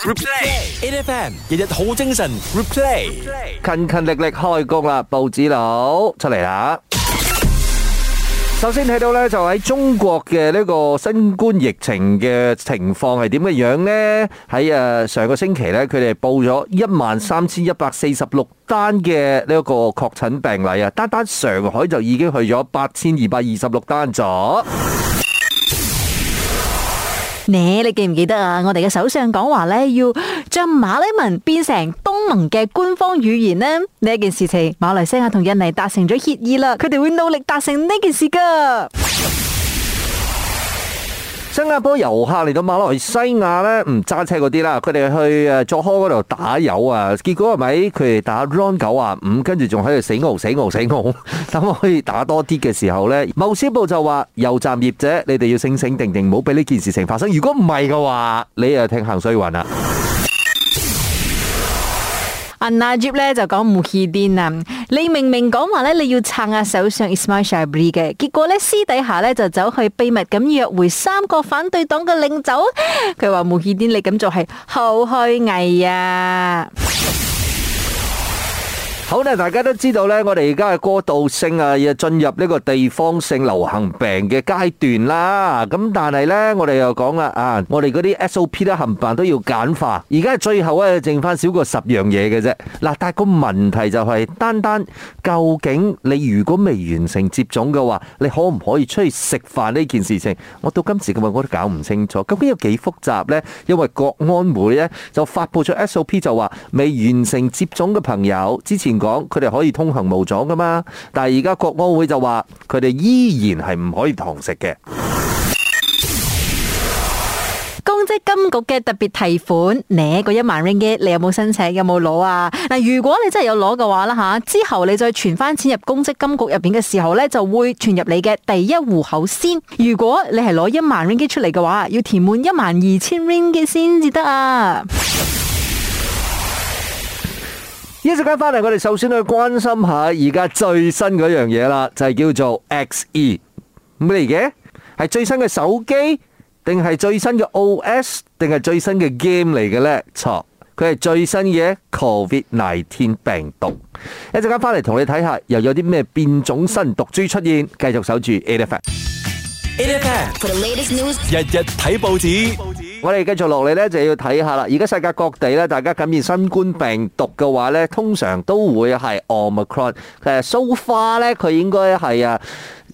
Replay，A. F. M. 日日好精神。Replay，勤勤力力開工啦，報紙佬出嚟啦。首先睇到咧，就喺中國嘅呢個新冠疫情嘅情況係點嘅樣呢？喺誒上個星期咧，佢哋報咗一萬三千一百四十六單嘅呢一個確診病例啊，單單上海就已經去咗八千二百二十六單咗。你你記唔記得啊？我哋嘅首相講話咧，要將馬來文變成東盟嘅官方語言。呢呢件事情，馬來西亞同印尼達成咗協議啦，佢哋會努力達成呢件事噶。新加坡遊客嚟到馬來西亞呢，唔揸車嗰啲啦，佢哋去誒作呵嗰度打油啊，結果係咪佢哋打 RON 九啊五，跟住仲喺度死敖死敖死敖，等我可以打多啲嘅時候呢，某小部就話油站業者，你哋要醒醒定定，唔好俾呢件事情發生。如果唔係嘅話，你啊聽行衰運啦。阿納接咧就講穆希丁啊，你明明講話咧，你要撐阿首相伊斯邁沙比里嘅，結果咧私底下咧就走去秘密咁約回三個反對黨嘅領袖，佢話穆希丁你咁做係好虛偽啊！好咧，大家都知道呢，我哋而家係過渡性啊，進入呢個地方性流行病嘅階段啦。咁但係呢，我哋又講啦啊，我哋嗰啲 SOP 咧冚唪唥都要簡化。而家最後咧、啊、剩翻少過十樣嘢嘅啫。嗱、啊，但係個問題就係、是，單單究竟你如果未完成接種嘅話，你可唔可以出去食飯呢件事情？我到今時今日我都搞唔清楚，究竟有幾複雜咧？因為國安會咧就發布咗 SOP 就話，未完成接種嘅朋友之前。講佢哋可以通行無阻噶嘛？但係而家國安會就話佢哋依然係唔可以堂食嘅。公積金局嘅特別提款，你個一萬 ringgit 你有冇申請？有冇攞啊？嗱，如果你真係有攞嘅話啦吓，之後你再存翻錢入公積金局入邊嘅時候呢，就會存入你嘅第一戶口先。如果你係攞一萬 ringgit 出嚟嘅話，要填滿一萬二千 ringgit 先至得啊。一陣間翻嚟，我哋首先去關心下而家最新嗰樣嘢啦，就係、是、叫做 XE，咩嚟嘅？係最新嘅手機，定係最新嘅 OS，定係最新嘅 game 嚟嘅咧？錯，佢係最新嘅 COVID nineteen 病毒。一陣間翻嚟同你睇下，又有啲咩變種新毒株出現？繼續守住、e、ATF，ATF，for the latest news 日日睇報紙。報紙我哋繼續落嚟咧，就要睇下啦。而家世界各地咧，大家感染新冠病毒嘅話咧，通常都會係 Omicron。誒，so far 咧，佢應該係啊。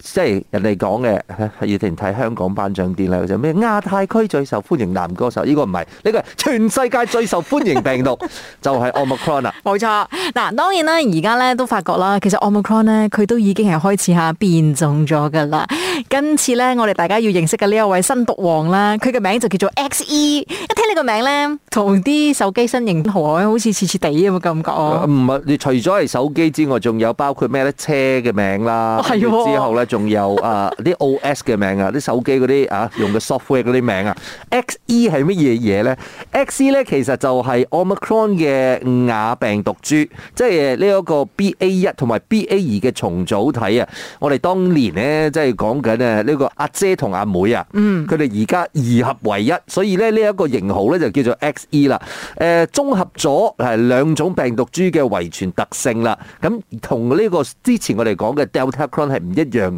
即係人哋講嘅，葉婷睇香港頒獎典禮嗰陣咩亞太區最受歡迎男歌手，呢、這個唔係，呢、這個全世界最受歡迎病毒 就係 Omicron。冇錯，嗱當然啦，而家咧都發覺啦，其實 Omicron 咧佢都已經係開始下變種咗㗎啦。今次咧我哋大家要認識嘅呢一位新毒王啦，佢嘅名就叫做 X E。一聽你個名咧，同啲手機新型號好似似似地咁嘅感覺。唔係、啊，你除咗係手機之外，仲有包括咩咧車嘅名啦。係、哎、呀之後咧。哎仲有啊啲 OS 嘅名啊，啲手機啲啊用嘅 software 啲名啊，XE 係乜嘢嘢咧？XE 咧其實就係 Omicron 嘅亞病毒株，即係呢一個 BA 一同埋 BA 二嘅重組體啊。我哋當年咧即係講緊啊呢個阿姐同阿妹啊，嗯，佢哋而家二合為一，所以咧呢一個型號咧就叫做 XE 啦。誒、呃、綜合咗係兩種病毒株嘅遺傳特性啦。咁同呢個之前我哋講嘅 Delta Cron 係唔一樣。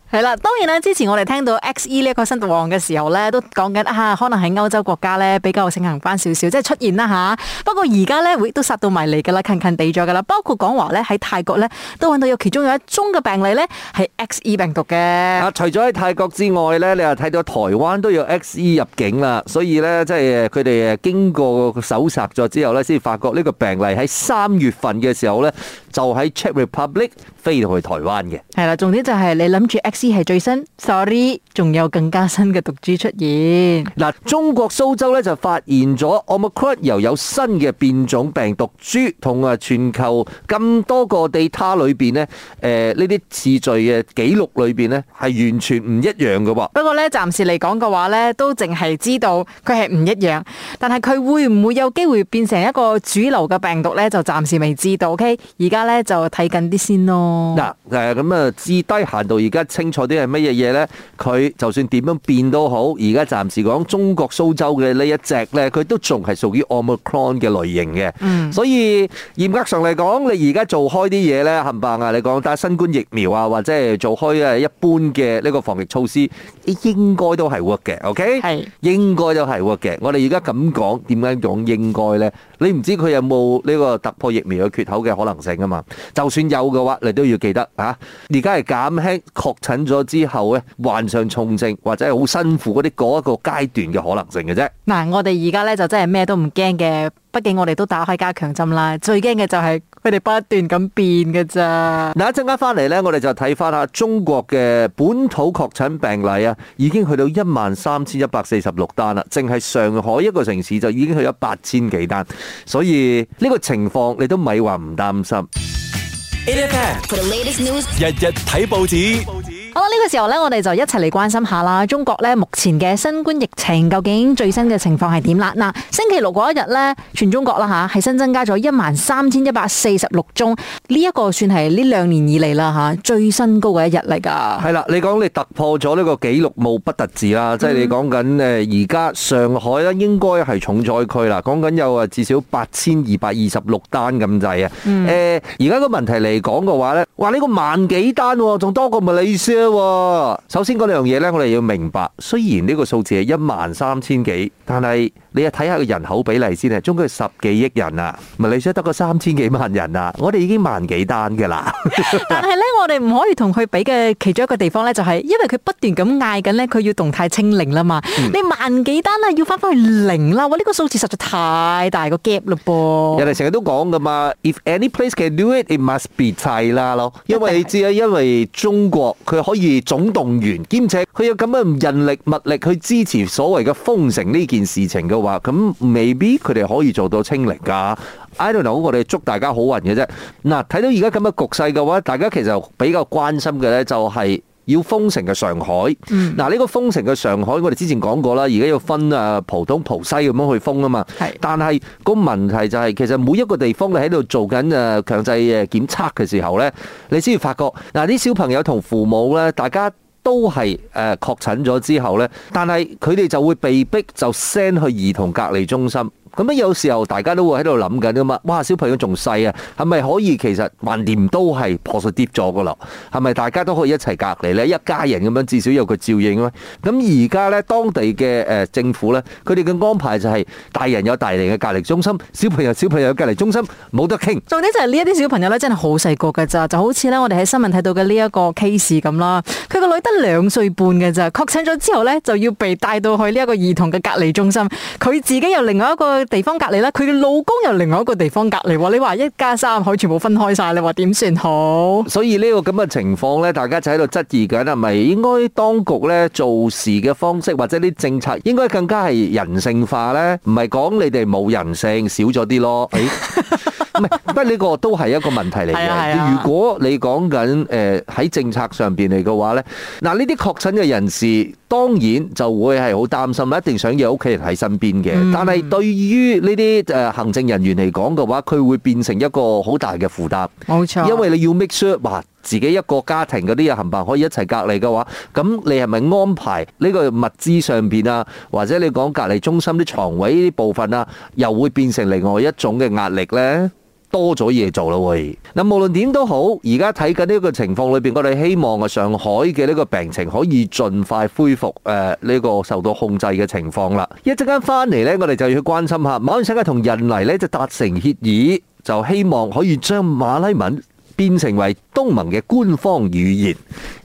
係啦，當然啦。之前我哋聽到 X E 呢一個新毒王嘅時候咧，都講緊吓，可能喺歐洲國家咧比較盛行翻少少，即係出現啦吓。不過而家咧會都殺到埋嚟噶啦，近近地咗噶啦。包括講話咧喺泰國咧都揾到有其中有一宗嘅病例咧係 X E 病毒嘅。啊，除咗喺泰國之外咧，你又睇到台灣都有 X E 入境啦，所以咧即係佢哋經過搜查咗之後咧，先發覺呢個病例喺三月份嘅時候咧就喺 Czech Republic 飛到去台灣嘅。係啦，重點就係你諗住 X E。知係最新，sorry，仲有更加新嘅毒株出現。嗱，中國蘇州咧就發現咗 Omicron 又有，有新嘅變種病毒株，同啊全球咁多個地他裏邊呢，誒呢啲次序嘅紀錄裏邊呢係完全唔一樣嘅。不過呢，暫時嚟講嘅話呢都淨係知道佢係唔一樣，但係佢會唔會有機會變成一個主流嘅病毒呢？就暫時未知道。OK，而家呢就睇緊啲先咯。嗱、呃，咁、呃、啊，至低限度而家清錯啲係乜嘢嘢呢？佢就算點樣變都好，而家暫時講中國蘇州嘅呢一隻呢，佢都仲係屬於 Omicron 嘅類型嘅。嗯，所以嚴格上嚟講，你而家做開啲嘢呢，冚唪唥啊，你講，但係新冠疫苗啊，或者係做開啊一般嘅呢個防疫措施，應該都係 work 嘅。OK，係是應該都係 work 嘅。我哋而家咁講，點解講應該呢？你唔知佢有冇呢個突破疫苗嘅缺口嘅可能性啊嘛？就算有嘅話，你都要記得啊！而家係減輕確診咗之後咧，患上重症或者係好辛苦嗰啲嗰一個階段嘅可能性嘅啫。嗱、嗯，我哋而家咧就真係咩都唔驚嘅，畢竟我哋都打開加強針啦。最驚嘅就係、是。佢哋不斷咁變嘅咋。嗱，一陣間翻嚟咧，我哋就睇翻下中國嘅本土確診病例啊，已經去到一萬三千一百四十六單啦，淨係上海一個城市就已經去咗八千幾單，所以呢個情況你都咪話唔擔心。日日睇報紙。好啦，呢、這個時候呢，我哋就一齊嚟關心下啦。中國呢，目前嘅新冠疫情究竟最新嘅情況係點啦？嗱，星期六嗰一日呢，全中國啦吓，係新增加咗一萬三千一百四十六宗，呢、這、一個算係呢兩年以嚟啦吓最新高嘅一日嚟噶。係啦，你講你突破咗呢個紀錄冇不特止啦，即係你講緊誒，而家上海咧應該係重災區啦，講緊有啊至少八千二百二十六單咁滯啊。誒、嗯，而家個問題嚟講嘅話呢，哇呢、這個萬幾單，仲多過馬來西亞首先嗰兩樣嘢咧，我哋要明白，雖然呢個數字係一萬三千幾，但係，你啊睇下個人口比例先啊，中國十幾億人啊，唔係你想得個三千幾萬人啊？我哋已經萬幾單嘅啦。 但係咧，我哋唔可以同佢比嘅其中一個地方咧，就係因為佢不斷咁嗌緊咧，佢要動態清零啦嘛。嗯、你萬幾單啦，要翻返去零啦，哇！呢、這個數字實在太大個 gap 咯噃。人哋成日都講噶嘛，if any place can do it, it must be tight 啦咯。因為你知啊，因為中國佢可以總動員兼且佢有咁嘅人力物力去支持所謂嘅封城呢件事情嘅。話咁 m a 佢哋可以做到清零噶。I don't know，我哋祝大家好運嘅啫。嗱，睇到而家咁嘅局勢嘅話，大家其實比較關心嘅咧，就係要封城嘅上海。嗱、嗯，呢個封城嘅上海，我哋之前講過啦，而家要分啊，浦東、浦西咁樣去封啊嘛。係的，但係個問題就係、是，其實每一個地方你喺度做緊誒強制誒檢測嘅時候咧，你先至發覺嗱，啲小朋友同父母咧，大家。都係誒確診咗之後咧，但係佢哋就會被逼就 send 去兒童隔離中心。咁啊，有時候大家都會喺度諗緊啊嘛，哇！小朋友仲細啊，係咪可以其實橫掂都係破碎跌咗㗎喇？係咪大家都可以一齊隔離呢？一家人咁樣至少有個照應吖。咁而家呢，當地嘅誒、呃、政府呢，佢哋嘅安排就係大人有大人嘅隔離中心，小朋友小朋友嘅隔離中心冇得傾。重點就係呢一啲小朋友呢，真係好細個㗎咋，就好似呢我哋喺新聞睇到嘅呢一個 case 咁啦。佢個女得兩歲半嘅咋，確診咗之後呢，就要被帶到去呢一個兒童嘅隔離中心，佢自己又另外一個。地方隔離咧，佢嘅老公又另外一個地方隔離，你話一家三口全部分開晒，你話點算好？所以呢個咁嘅情況咧，大家就喺度質疑緊，係咪應該當局咧做事嘅方式或者啲政策應該更加係人性化呢？唔係講你哋冇人性，少咗啲咯。哎 不過呢個都係一個問題嚟嘅。 啊、如果你講緊誒喺政策上邊嚟嘅話咧，嗱呢啲確診嘅人士當然就會係好擔心，一定想要屋企人喺身邊嘅。嗯、但係對於呢啲誒行政人員嚟講嘅話，佢會變成一個好大嘅負擔。冇錯，因為你要 make sure，嗱自己一個家庭嗰啲人係咪可以一齊隔離嘅話，咁你係咪安排呢個物資上邊啊？或者你講隔離中心啲床位呢部分啊，又會變成另外一種嘅壓力呢？多咗嘢做咯喂，嗱，無論點都好，而家睇緊呢個情況裏邊，我哋希望啊，上海嘅呢個病情可以盡快恢復誒呢個受到控制嘅情況啦。一陣間翻嚟咧，我哋就要去關心下，馬來西亞同印尼咧就達成協議，就希望可以將馬來文變成為東盟嘅官方語言。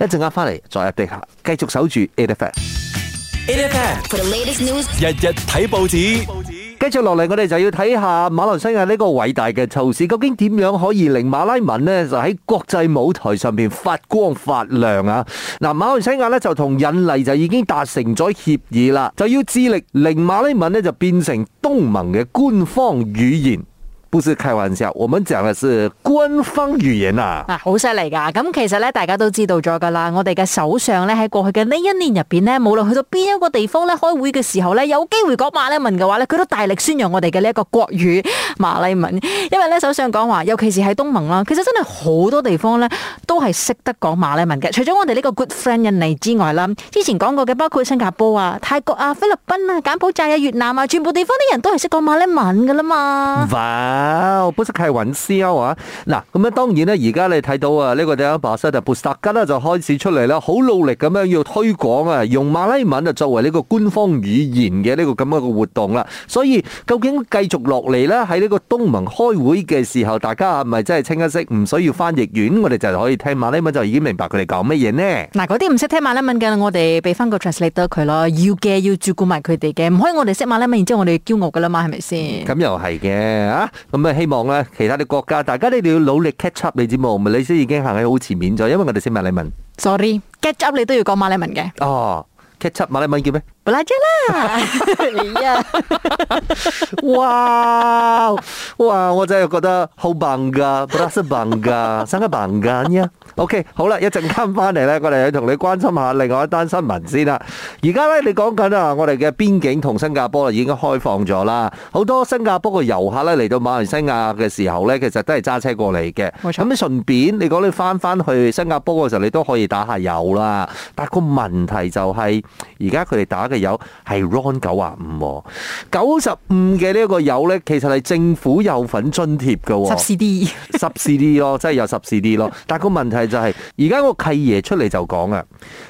一陣間翻嚟再入地下，繼續守住 A F F，A F F for the latest news，日日睇報紙。繼續落嚟，我哋就要睇下馬來西亞呢個偉大嘅措施，究竟點樣可以令馬來文呢就喺國際舞台上面發光發亮啊！嗱，馬來西亞呢就同印尼就已經達成咗協議啦，就要致力令馬來文呢就變成東盟嘅官方語言。不是開玩笑，我們講的是官方語言啊！啊，好犀利噶！咁其實咧，大家都知道咗噶啦。我哋嘅首相咧喺過去嘅呢一年入邊呢，無論去到邊一個地方咧開會嘅時候咧，有機會講馬來文嘅話咧，佢都大力宣揚我哋嘅呢一個國語馬來文。因為咧，首相講話，尤其是喺東盟啦，其實真係好多地方咧都係識得講馬來文嘅。除咗我哋呢個 good friend 印尼之外啦，之前講過嘅包括新加坡啊、泰國啊、菲律賓啊、啊、柬埔寨啊、越南啊，全部地方啲人都係識講馬來文嘅啦嘛。啊本色係雲霄啊！嗱，咁咧當然呢，而家你睇到啊，呢個第一巴西嘅布薩吉呢，就開始出嚟啦，好努力咁樣要推廣啊，用馬來文啊作為呢個官方語言嘅呢個咁樣嘅活動啦。所以究竟繼續落嚟呢，喺呢個東盟開會嘅時候，大家係咪真係清一色唔需要翻譯員，我哋就可以聽馬來文就已經明白佢哋講乜嘢呢？嗱，嗰啲唔識聽馬來文嘅，我哋俾翻個 translator 佢咯，要嘅要照顧埋佢哋嘅，唔可以我哋識馬來文，然之後我哋驕傲噶啦嘛，係咪先？咁又係嘅啊！咁啊、嗯，希望咧，其他啲國家，大家咧都要努力 catch up 你知冇，唔咪你先已經行喺好前面咗，因為我哋識馬來文。Sorry，catch up 你都要講馬來文嘅。哦，catch、oh, up 馬來文叫咩？不拉車啦！你啊！ 哇哇，我真係覺得好棒噶，不拉是棒噶，真係棒緊呀！OK，好啦，一陣間翻嚟咧，我哋去同你關心下另外一單新聞先啦。而家咧，你講緊啊，我哋嘅邊境同新加坡已經開放咗啦，好多新加坡嘅遊客咧嚟到馬來西亞嘅時候咧，其實都係揸車過嚟嘅。冇錯錯，咁你順便，你講你翻翻去新加坡嘅時候，你都可以打下油啦。但係個問題就係，而家佢哋打嘅。有係 RON 九啊五，九十五嘅呢一個油咧，其實係政府有份津貼噶、哦，十市 D，十市 D 咯，真係有十市 D 咯。但個問題就係，而家個契爺出嚟就講啊，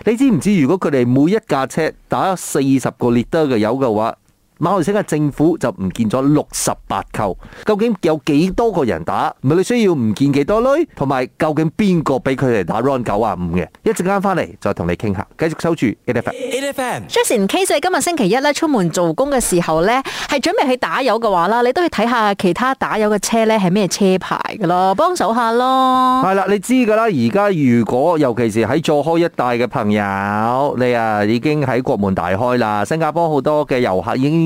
你知唔知如果佢哋每一架車打四十個 liter 嘅油嘅話？馬來西亞政府就唔見咗六十八球，究竟有幾多個人打？唔係你需要唔見幾多呢？同埋究竟邊個俾佢哋打 RON 九啊五嘅？一陣間翻嚟再同你傾下，繼續收住。N F M。N F Jason K 仔今日星期一咧，出門做工嘅時候呢，係準備去打油嘅話啦，你都要睇下其他打油嘅車呢係咩車牌㗎咯，幫手下咯。係啦，你知㗎啦，而家如果尤其是喺做開一帶嘅朋友，你啊已經喺國門大開啦，新加坡好多嘅遊客已經。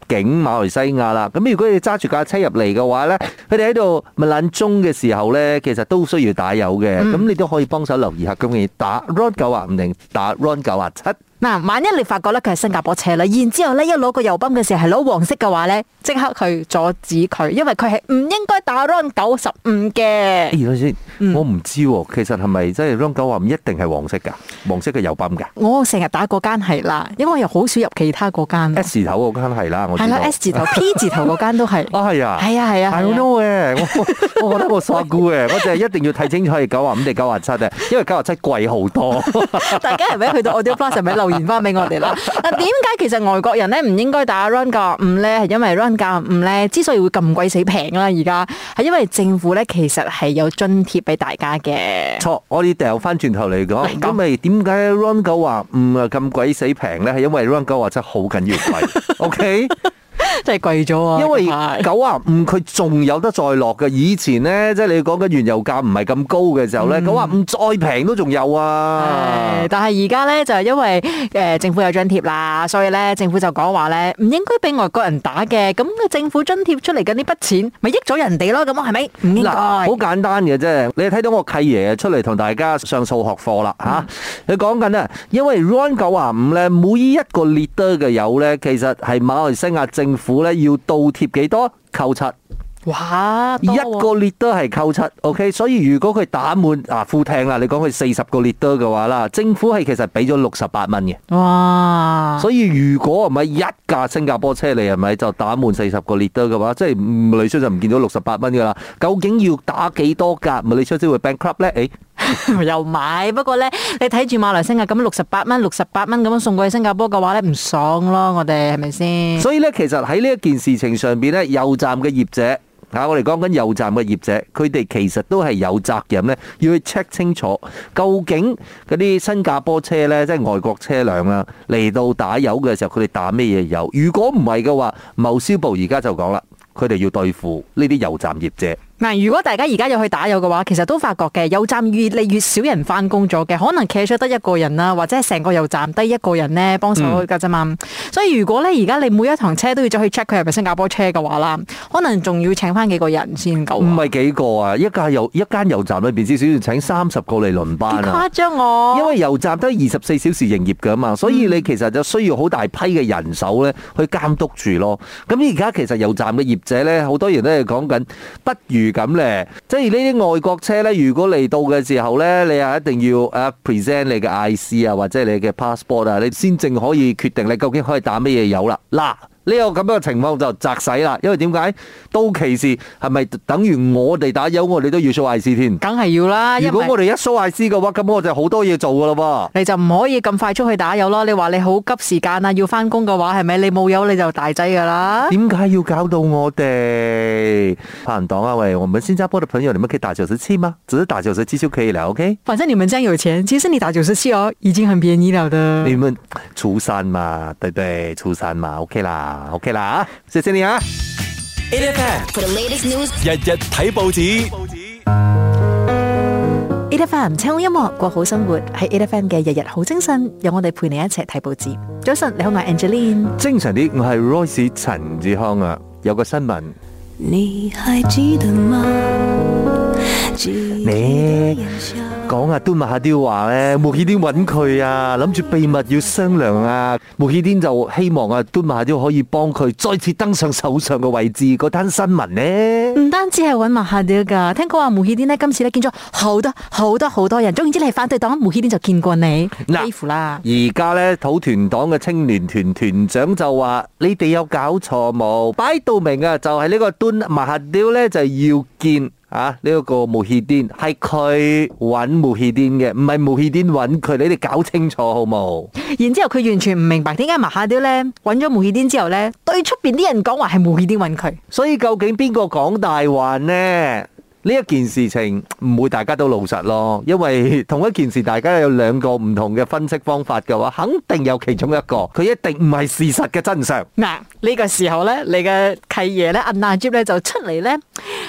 景馬來西亞啦，咁如果你揸住架車入嚟嘅話咧，佢哋喺度咪冷鐘嘅時候咧，其實都需要打油嘅，咁你都可以幫手留意下，咁你打 run 九啊五定，打 run 九啊七。嗱，萬一你發覺咧佢係新加坡車啦，然之後咧一攞個油泵嘅時候係攞黃色嘅話咧，即刻去阻止佢，因為佢係唔應該打 run 九十五嘅。而家先，我唔知喎，其實係咪即係 run 九啊五一定係黃色㗎？黃色嘅油泵㗎？我成日打嗰間係啦，因為我又好少入其他嗰間。S 頭嗰間係啦，我。係啦 S,、嗯、，S 字頭、P 字頭嗰間都係。啊係 啊，係啊係啊。啊啊啊 I know 嘅，我我我覺得 我傻姑嘅，我就係一定要睇清楚係九啊五定九啊七嘅，97, 因為九啊七貴好多。 大家係咪去到 Audio Plus 係咪留言翻俾我哋啦？啊，點解其實外國人咧唔應該打 Run 九啊五咧？係因為 Run 九啊五咧之所以會咁鬼死平啦，而家係因為政府咧其實係有津貼俾大家嘅。錯，我哋掉翻轉頭嚟講，吧因為點解 Run 九啊五啊咁鬼死平咧？係因為 Run 九啊七好緊要貴，OK？ 真係貴咗啊！因為九啊五佢仲有得再落嘅，以前呢，即係你講緊原油價唔係咁高嘅時候呢，九啊五再平都仲有啊！嗯、但係而家呢，就係因為誒、呃、政府有津貼啦，所以呢，政府就講話呢，唔應該俾外國人打嘅，咁嘅政府津貼出嚟嘅呢筆錢，咪益咗人哋咯，咁啊係咪？唔應該。嗱，好簡單嘅啫，你睇到我契爺出嚟同大家上數學課啦嚇，你講緊啊，嗯、因為 RON 九啊五呢，每一個 litre 嘅油呢，其實係馬來西亞政府。府咧要倒貼幾多？扣七，哇，啊、一個 Litre 係扣七，OK。所以如果佢打滿啊，副聽啊，你講佢四十個 Litre 嘅話啦，政府係其實俾咗六十八蚊嘅。哇，所以如果唔係一架新加坡車嚟，係咪就打滿四十個 Litre 嘅話，即係李昌就唔見到六十八蚊噶啦？究竟要打幾多架？咪李昌先會 bankrupt 咧？誒、哎？ 又買，不過呢，你睇住馬來西亞咁六十八蚊，六十八蚊咁樣送過去新加坡嘅話呢，唔爽咯，我哋係咪先？所以呢，其實喺呢一件事情上邊呢，油站嘅業者啊，我哋講緊油站嘅業者，佢哋其實都係有責任呢，要去 check 清楚，究竟嗰啲新加坡車呢，即係外國車輛啊，嚟到打油嘅時候，佢哋打咩嘢油？如果唔係嘅話，貿消部而家就講啦，佢哋要對付呢啲油站業者。嗱，如果大家而家又去打油嘅話，其實都發覺嘅油站越嚟越少人翻工咗嘅，可能企出得一個人啦，或者係成個油站得一個人咧幫手去噶啫嘛。嗯、所以如果咧而家你每一堂車都要再去 check 佢係咪新加坡車嘅話啦，可能仲要請翻幾個人先夠。唔係幾個啊，一個油一間油站裏邊至少要請三十個嚟輪班啊！誇張我，因為油站都係二十四小時營業噶嘛，所以你其實就需要好大批嘅人手咧去監督住咯。咁而家其實油站嘅業者咧，好多人都係講緊，不如。咁咧，即係呢啲外國車咧，如果嚟到嘅時候咧、嗯，你又一定要誒 present 你嘅 IC 啊，或者你嘅 passport 啊，你先正可以決定你究竟可以打乜嘢油啦。嗱。呢個咁樣嘅情況就擇使啦，因為點解到期視係咪？是是等於我哋打友我哋都要掃 IC 添，梗係要啦。如果我哋一掃 IC 嘅話，咁為我就好多嘢做噶啦。你就唔可以咁快出去打友咯？你話你好急時間啊，要翻工嘅話係咪？你冇友你就大劑噶啦？點解要搞到我哋？拍檔啊喂，我們新加坡嘅朋友，你們可以打九十七嗎？只、就是打九十七就可以啦，OK？反正你們真有錢，其實你打九十七哦，已經很便宜啦。你們初三嘛，對對，初三嘛，OK 啦。O K 啦，謝謝你啊！A F M，日日睇報紙。A F M，聽好音樂過好生活，係 A F M 嘅日日好精神，有我哋陪你一齊睇報紙。早晨，你好，我係 Angeline。精神啲，我係 Royce 陳志康啊。有個新聞。你講阿敦馬哈迪話咧，慕尤丁揾佢啊，諗住、啊、秘密要商量啊。慕尤丁就希望阿、啊、敦馬哈迪可以幫佢再次登上首相嘅位置。嗰單新聞呢，唔單止係揾馬哈迪噶，聽講話慕尤丁呢，今次咧見咗好多好多好多人，總之你係反對黨，慕尤丁就見過你幾乎啦。而家咧，土團黨嘅青年團團長就話：你哋有搞錯冇？擺到明啊，就係、是、呢個敦馬哈迪咧，就是、要見。啊！呢、這、一個慕尤丁係佢揾慕尤丁嘅，唔係慕尤丁揾佢，你哋搞清楚好冇？然之後佢完全唔明白點解馬哈迪呢揾咗慕尤丁之後呢對出邊啲人講話係慕尤丁揾佢。所以究竟邊個講大話呢？呢一件事情唔會大家都老實咯，因為同一件事大家有兩個唔同嘅分析方法嘅話，肯定有其中一個佢一定唔係事實嘅真相。嗱，呢個時候呢，你嘅契爺呢，阿納吉就出嚟呢。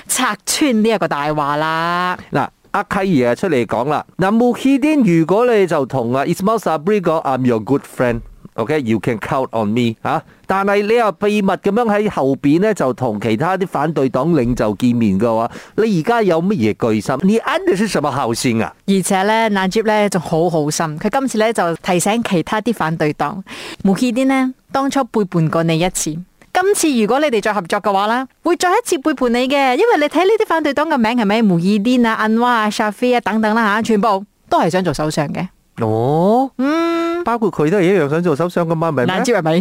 拆穿呢一個大話啦！嗱、啊，阿溪爺出嚟講啦，嗱，穆希丁，如果你就同阿伊斯馬薩布哥，I'm your good friend，OK，you、okay? can count on me，吓、啊，但係你又秘密咁樣喺後邊呢，就同其他啲反對黨領袖見面嘅話，你而家有乜嘢居心？你 under 些什麼後線啊？而且呢，那 Jib 咧仲好好心，佢今次咧就提醒其他啲反對黨，穆希丁咧當初背叛過你一次。今次如果你哋再合作嘅話啦，會再一次背叛你嘅，因為你睇呢啲反對黨嘅名係咪 Muhyiddin 啊、Anwar 啊、Shafee 啊等等啦、啊、吓，全部都係想做首相嘅。哦，嗯、mm，包括佢都係一樣想做首相噶嘛，咪，明唔明？難係咪？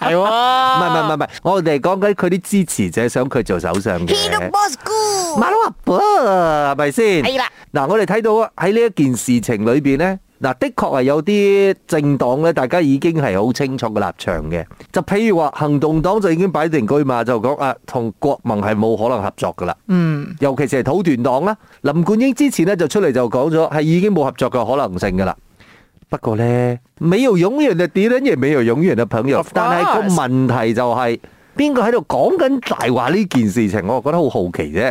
係喎，唔係唔係唔係，我哋係講緊佢啲支持者想佢做首相嘅。Pulbosku 係咪先？係啦，嗱，我哋睇到喺呢一件事情裏邊咧。嗱，的確係有啲政黨咧，大家已經係好清楚嘅立場嘅。就譬如話行動黨就已經擺定居嘛，就講啊同國盟係冇可能合作噶啦。嗯，尤其是係土團黨啦，林冠英之前咧就出嚟就講咗係已經冇合作嘅可能性噶啦。不過咧，冇永遠嘅敵人亦冇永遠嘅朋友。Of course. 但係個問題就係邊個喺度講緊大話呢件事情，我覺得好好奇啫。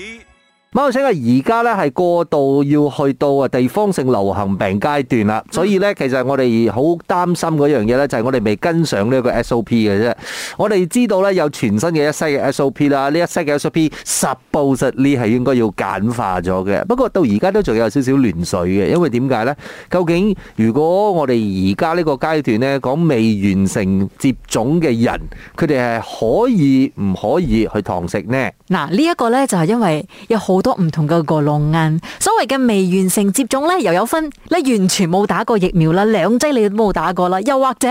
貓車啊，而家咧係過度要去到啊地方性流行病階段啦，所以咧其實我哋好擔心嗰樣嘢咧，就係我哋未跟上呢一個 SOP 嘅啫。我哋知道咧有全新嘅一系列嘅 SOP 啦，呢一系列嘅 SOP supposedly 係應該要簡化咗嘅。不過到而家都仲有少少亂水嘅，因為點解呢？究竟如果我哋而家呢個階段呢，講未完成接種嘅人，佢哋係可以唔可以去堂食呢？嗱，呢一個呢，就係因為有好。好多唔同嘅個浪眼，所謂嘅未完成接種咧，又有分。你完全冇打過疫苗啦，兩劑你都冇打過啦，又或者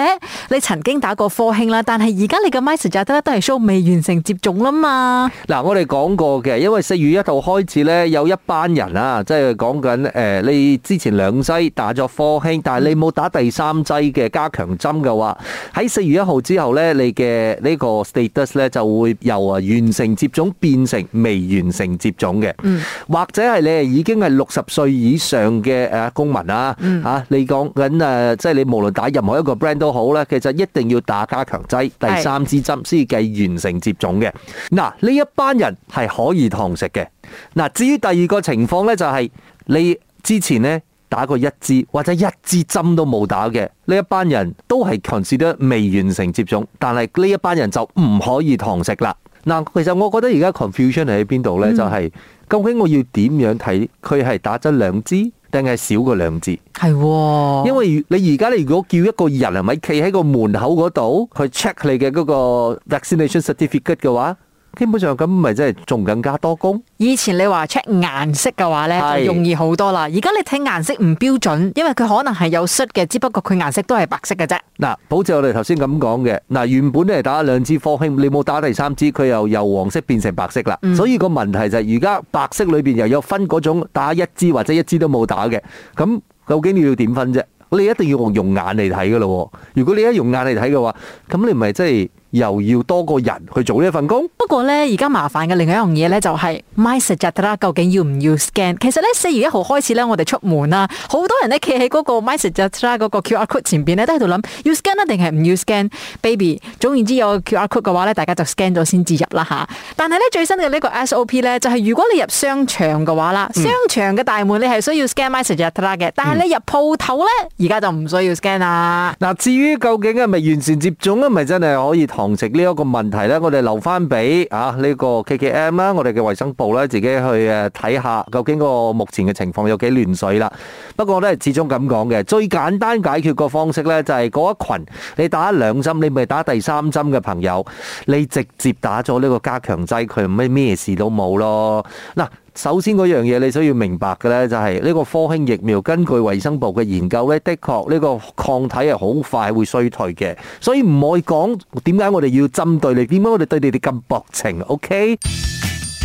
你曾經打過科興啦，但係而家你嘅 my status 咧都係 show 未完成接種啦嘛。嗱，我哋講過嘅，因為四月一號開始咧，有一班人啊，即係講緊誒，你之前兩劑打咗科興，但係你冇打第三劑嘅加強針嘅話，喺四月一號之後咧，你嘅呢個 status 咧就會由啊完成接種變成未完成接種嘅。嗯，或者係你已經係六十歲以上嘅誒公民啊，吓、嗯啊、你講緊誒，即、呃、係、就是、你無論打任何一個 brand 都好啦，其實一定要打加強劑第三支針先至計完成接種嘅。嗱是，呢一班人係可以堂食嘅。嗱，至於第二個情況呢、就是，就係你之前呢打過一支或者一支針都冇打嘅呢一班人都係 consider 未完成接種，但係呢一班人就唔可以堂食啦。嗱，其實我覺得而家 confusion 喺邊度呢？就係、嗯。究竟我要點樣睇？佢係打咗兩支，定係少過兩支？係， 因為你而家你如果叫一個人係咪企喺個門口嗰度去 check 你嘅嗰個 vaccination certificate 嘅話，基本上咁咪真係仲更加多工。以前你話 check 顏色嘅話咧，就容易好多啦。而家你睇顏色唔標準，因為佢可能係有色嘅，只不過佢顏色都係白色嘅啫。嗱，好似我哋頭先咁講嘅，嗱，原本你打兩支科興，你冇打第三支，佢又由黃色變成白色啦。所以個問題就係，而家白色裏邊又有分嗰種打一支或者一支都冇打嘅，咁究竟你要點分啫？你一定要用眼嚟睇噶咯。如果你一用眼嚟睇嘅話，咁你唔係真係。又要多個人去做呢一份工。不過咧，而家麻煩嘅另外一樣嘢咧，就係 MySejahtera 究竟要唔要 scan。其實咧，四月一號開始咧，我哋出門啦，好多人咧企喺嗰個 MySejahtera 嗰個 QR code 前邊咧，都喺度諗要 scan 啦，定係唔要 scan，baby。總言之，有 QR code 嘅話咧，大家就 scan 咗先至入啦嚇。但係咧，最新嘅呢個 SOP 咧，就係、是、如果你入商場嘅話啦，嗯、商場嘅大門你係需要 scan MySejahtera 嘅，但係你入鋪頭咧，而家就唔需要 scan 啦。嗱、嗯，嗯、至於究竟係咪完全接種咧，咪真係可以？堂食呢一個問題呢，我哋留翻俾啊呢個 KKM 啦，我哋嘅衞生部呢，自己去誒睇下究竟個目前嘅情況有幾亂水啦。不過呢，始終咁講嘅，最簡單解決個方式呢、就係，就係嗰一群你打兩針，你咪打第三針嘅朋友，你直接打咗呢個加強劑，佢咪咩事都冇咯。嗱。首先嗰樣嘢你需要明白嘅咧，就係、是、呢個科興疫苗根據衛生部嘅研究咧，的確呢個抗體係好快會衰退嘅，所以唔可以講點解我哋要針對你，點解我哋對你哋咁薄情？OK，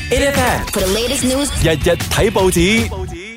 日日睇報紙。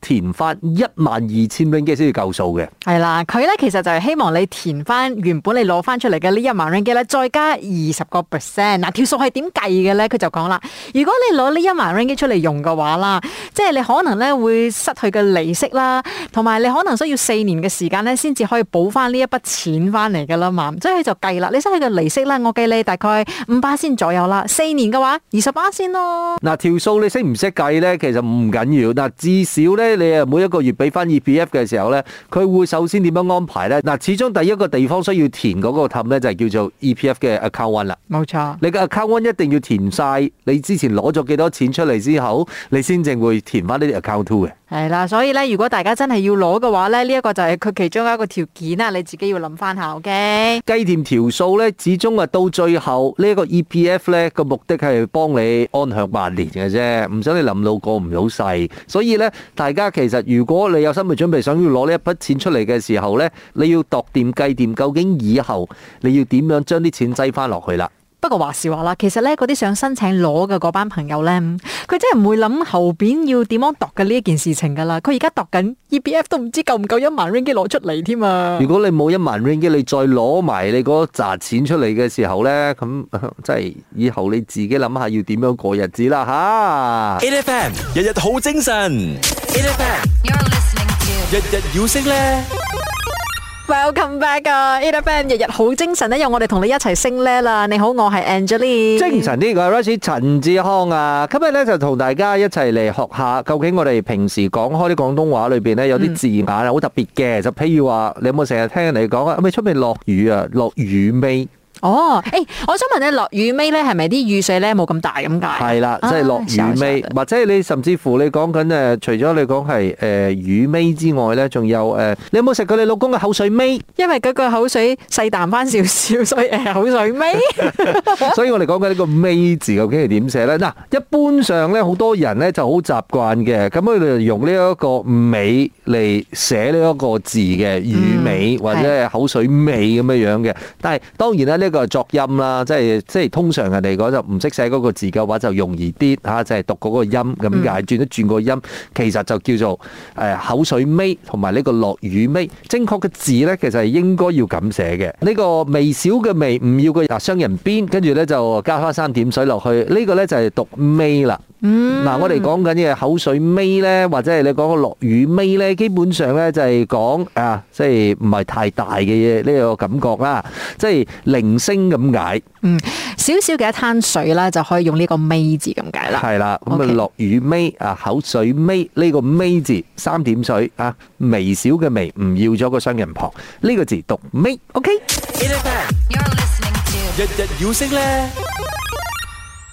填翻一萬二千蚊雞先至夠數嘅，係啦，佢咧其實就係希望你填翻原本你攞翻出嚟嘅呢一萬蚊雞咧，再加二十個 percent。嗱條、啊、數係點計嘅咧？佢就講啦，如果你攞呢一萬蚊雞出嚟用嘅話啦，即係你可能咧會失去嘅利息啦，同埋你可能需要四年嘅時間咧先至可以補翻呢一筆錢翻嚟噶啦嘛，所以佢就計啦。你失去嘅利息咧，我計你大概五巴仙左右啦。四年嘅話，二十巴仙咯。嗱條、啊、數你識唔識計咧？其實唔緊要，但至少。即係，你啊，每一個月俾翻 EPF 嘅時候咧，佢會首先點樣安排咧？嗱，始終第一個地方需要填嗰個氹咧，就係叫做 EPF 嘅 account one 啦。冇錯，你嘅 account one 一定要填晒，你之前攞咗幾多錢出嚟之後，你先正會填翻呢啲 account two 嘅。係啦，所以咧，如果大家真係要攞嘅話咧，呢一個就係佢其中一個條件啊，你自己要諗翻下，OK？計掂條數咧，始終啊到最後呢個 EPF 咧個目的係幫你安享晚年嘅啫，唔想你臨老過唔到世。所以咧，大家其實如果你有心理準備，想要攞呢一筆錢出嚟嘅時候咧，你要度掂計掂，究竟以後你要點樣將啲錢擠翻落去啦？不過話時話啦，其實咧嗰啲想申請攞嘅嗰班朋友咧，佢真係唔會諗後邊要點樣度嘅呢一件事情噶啦。佢而家度緊 EPF 都唔知夠唔夠一萬 ringgit 攞出嚟添啊！如果你冇一萬 ringgit，你再攞埋你嗰紮錢出嚟嘅時候咧，咁即係以後你自己諗下要點樣過日子啦吓！AiFM 日日好精神，AiFM you're listening to 日日要升咧。Welcome back，Era Fan，日日好精神咧，又我哋同你一齊升叻啦。你好，我係 Angeline。精神啲嘅 r u s 陳志康啊，今日咧就同大家一齊嚟學下，究竟我哋平時講開啲廣東話裏邊咧有啲字眼啊，好特別嘅。就譬如話，你有冇成日聽人哋講啊？咪出面落雨啊，落雨未？」哦，誒，我想問咧落雨尾咧係咪啲雨水咧冇咁大咁解？係啦，即係落雨尾，或者係你甚至乎你講緊誒，除咗你講係誒雨尾之外咧，仲有誒，你有冇食過你老公嘅口水尾？因為嗰個口水細淡翻少少，所以誒口水尾。所以我哋講緊呢個尾字嘅，究竟係點寫咧？嗱，一般上咧，好多人咧就好習慣嘅，咁佢哋用呢一個尾嚟寫呢一個字嘅雨尾或者係口水尾咁樣樣嘅。但係當然啦，呢。呢個作音啦，即係即係通常人哋講就唔識寫嗰個字嘅話就容易啲嚇、啊，就係、是、讀嗰個音咁解，嗯、轉都轉個音，其實就叫做誒、呃、口水尾同埋呢個落雨尾。正確嘅字呢，其實係應該要咁寫嘅。呢、這個微小嘅微唔要個、啊、雙人邊，跟住呢，就加返三點水落去。呢、這個呢，就係、是、讀尾啦。嗱，嗯、我哋講緊嘅口水尾咧，或者係你講個落雨尾咧，基本上咧就係講啊，即係唔係太大嘅嘢，呢個感覺啦，即係零星咁解。嗯，少少嘅一灘水啦，就可以用呢個尾字咁解啦。係啦，咁啊落雨尾啊，Okay. 口水尾呢、這個尾字三點水啊，微小嘅微，唔要咗個雙人旁，呢、這個字讀尾。OK，Japan, 日日要聲咧。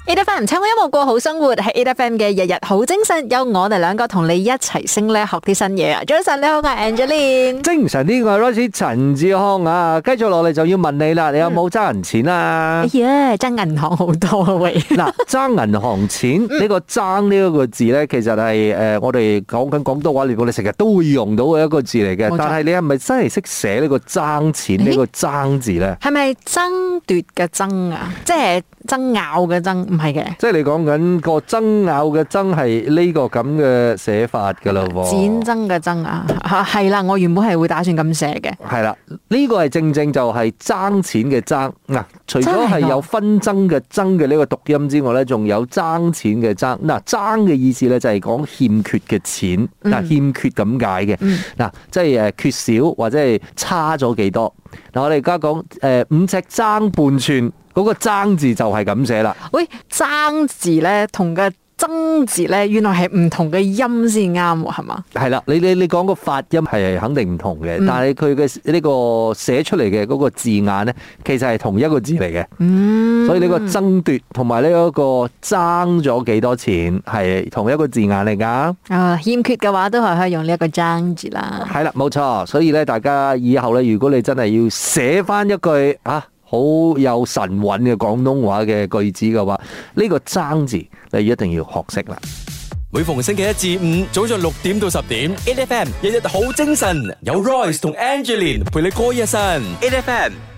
A.F.M. 聽我音樂過好生活，係 A.F.M. 嘅日日好精神，有我哋兩個同你一齊升咧，學啲新嘢啊！早晨你好我係，Angeline，精神啲啊，Rice 陳志康啊，繼續落嚟就要問你啦，你有冇爭人錢啊、嗯？哎呀，爭銀行好多啊喂！嗱，爭銀行錢呢、這個爭呢一個字咧，嗯、其實係誒、呃、我哋講緊廣東話，我哋成日都會用到嘅一個字嚟嘅，但係你係咪真係識寫呢個、嗯哎、爭錢呢個爭字咧？係咪爭奪嘅爭啊？即係爭拗嘅爭？唔係嘅，即係你講緊個爭拗嘅爭係呢個咁嘅寫法噶咯。戰爭嘅爭啊，係、啊、啦，我原本係會打算咁寫嘅。係啦，呢、這個係正正就係爭錢嘅爭嗱、啊。除咗係有紛爭嘅爭嘅呢個讀音之外咧，仲有爭錢嘅爭嗱、啊。爭嘅意思咧就係講欠缺嘅錢嗱、啊，欠缺咁解嘅嗱，即係誒缺少或者係差咗幾多嗱、啊。我哋而家講誒五尺爭半寸。嗰、那個爭字就係咁寫啦。喂、哎，爭字咧同個爭字咧，原來係唔同嘅音先啱喎，係嘛？係啦，你你你講個發音係肯定唔同嘅，嗯、但係佢嘅呢個寫出嚟嘅嗰個字眼咧，其實係同一個字嚟嘅。嗯，所以呢個爭奪同埋呢一個爭咗幾多錢係同一個字眼嚟噶。啊、哦，欠缺嘅話都係可以用呢、這、一個爭字啦。係啦，冇錯。所以咧，大家以後咧，如果你真係要寫翻一句嚇。啊好有神韻嘅廣東話嘅句子嘅話，呢個爭字你一定要學識啦。每逢星期一至五早上六點到十點，8FM 日日好精神，有 Royce 同 Angeline 陪你過一生。8FM。